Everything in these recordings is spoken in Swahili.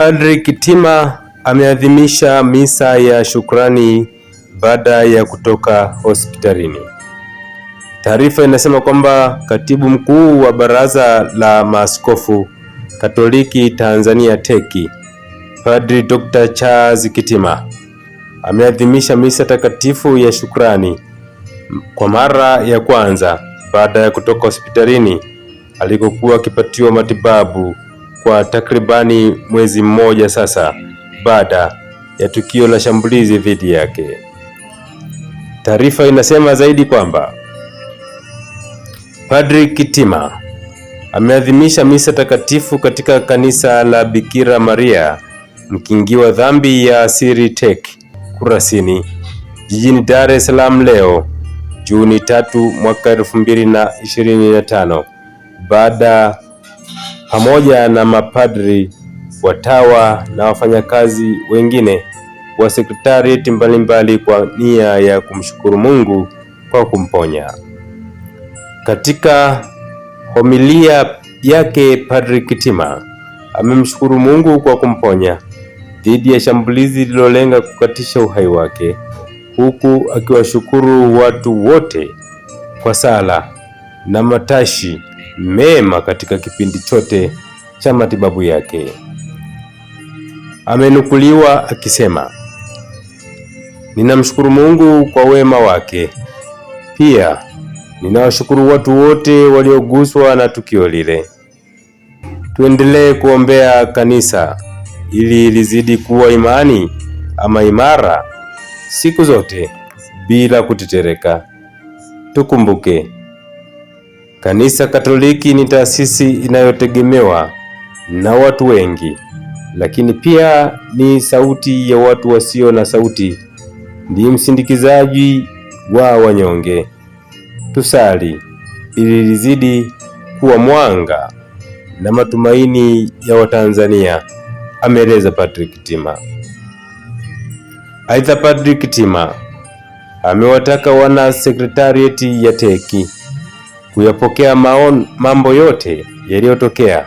Padri Kitima ameadhimisha misa ya shukrani baada ya kutoka hospitalini. Taarifa inasema kwamba katibu mkuu wa Baraza la Maaskofu Katoliki Tanzania teki Padri Dr. Charles Kitima ameadhimisha misa takatifu ya shukrani kwa mara ya kwanza baada ya kutoka hospitalini alikokuwa akipatiwa matibabu kwa takribani mwezi mmoja sasa baada ya tukio la shambulizi dhidi yake. Taarifa inasema zaidi kwamba Padri Kitima ameadhimisha misa takatifu katika kanisa la Bikira Maria mkingiwa dhambi ya asiri tek Kurasini jijini Dar es Salaam leo Juni 3 mwaka 2025 baada pamoja na mapadri, watawa na wafanyakazi wengine wa sekretarieti mbalimbali kwa nia ya kumshukuru Mungu kwa kumponya. Katika homilia yake, Padri Kitima amemshukuru Mungu kwa kumponya dhidi ya shambulizi lililolenga kukatisha uhai wake, huku akiwashukuru watu wote kwa sala na matashi mema katika kipindi chote cha matibabu yake. Amenukuliwa akisema, ninamshukuru Mungu kwa wema wake, pia ninawashukuru watu wote walioguswa na tukio lile. Tuendelee kuombea kanisa ili lizidi kuwa imani ama imara siku zote bila kutetereka. Tukumbuke Kanisa Katoliki ni taasisi inayotegemewa na watu wengi, lakini pia ni sauti ya watu wasio na sauti, ndiye msindikizaji wa wanyonge. Tusali ili lizidi kuwa mwanga na matumaini ya Watanzania, ameeleza Padri Kitima. Aidha, Padri Kitima amewataka wana sekretarieti ya teki kuyapokea maon, mambo yote yaliyotokea,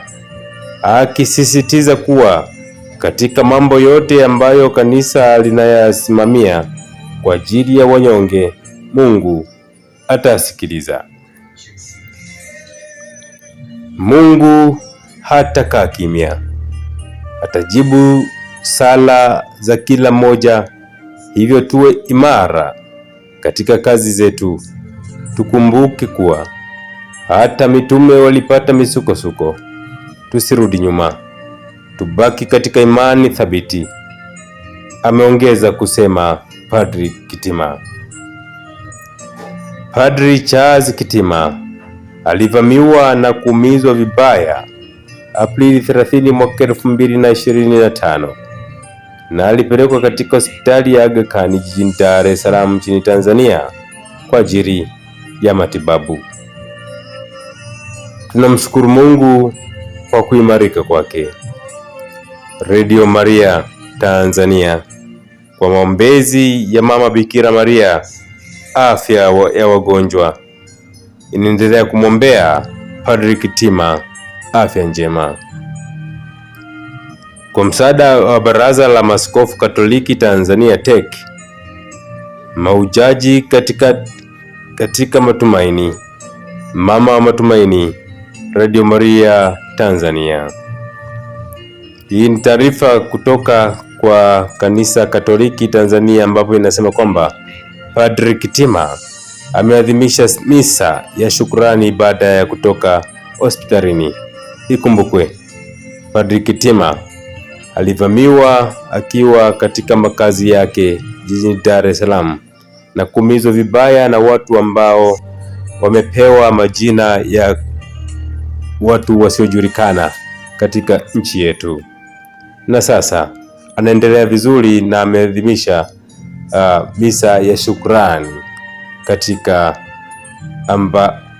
akisisitiza kuwa katika mambo yote ambayo kanisa linayasimamia kwa ajili ya wanyonge, Mungu atasikiliza. Mungu hatakaa kimya, atajibu sala za kila mmoja. Hivyo tuwe imara katika kazi zetu, tukumbuke kuwa hata mitume walipata misukosuko. Tusirudi nyuma, tubaki katika imani thabiti, ameongeza kusema Padri Kitima. Padri Charles Kitima alivamiwa na kuumizwa vibaya Aprili 30 mwaka 2025 na alipelekwa katika hospitali ya Aga Khan jijini Dar es Salaam nchini Tanzania kwa ajili ya matibabu. Tunamshukuru Mungu kwa kuimarika kwake. Radio Maria Tanzania kwa maombezi ya Mama Bikira Maria, afya wa, ya wagonjwa inaendelea kumwombea Padri Kitima afya njema. Kwa msaada wa Baraza la maskofu Katoliki Tanzania TEC, maujaji katika, katika matumaini, mama wa matumaini Radio Maria Tanzania. Hii ni taarifa kutoka kwa Kanisa Katoliki Tanzania ambapo inasema kwamba Padre Kitima ameadhimisha misa ya shukurani baada ya kutoka hospitalini. Ikumbukwe, Padre Kitima alivamiwa akiwa katika makazi yake jijini Dar es Salaam na kuumizwa vibaya na watu ambao wamepewa majina ya watu wasiojulikana katika nchi yetu, na sasa anaendelea vizuri na ameadhimisha uh, misa ya shukrani katika amba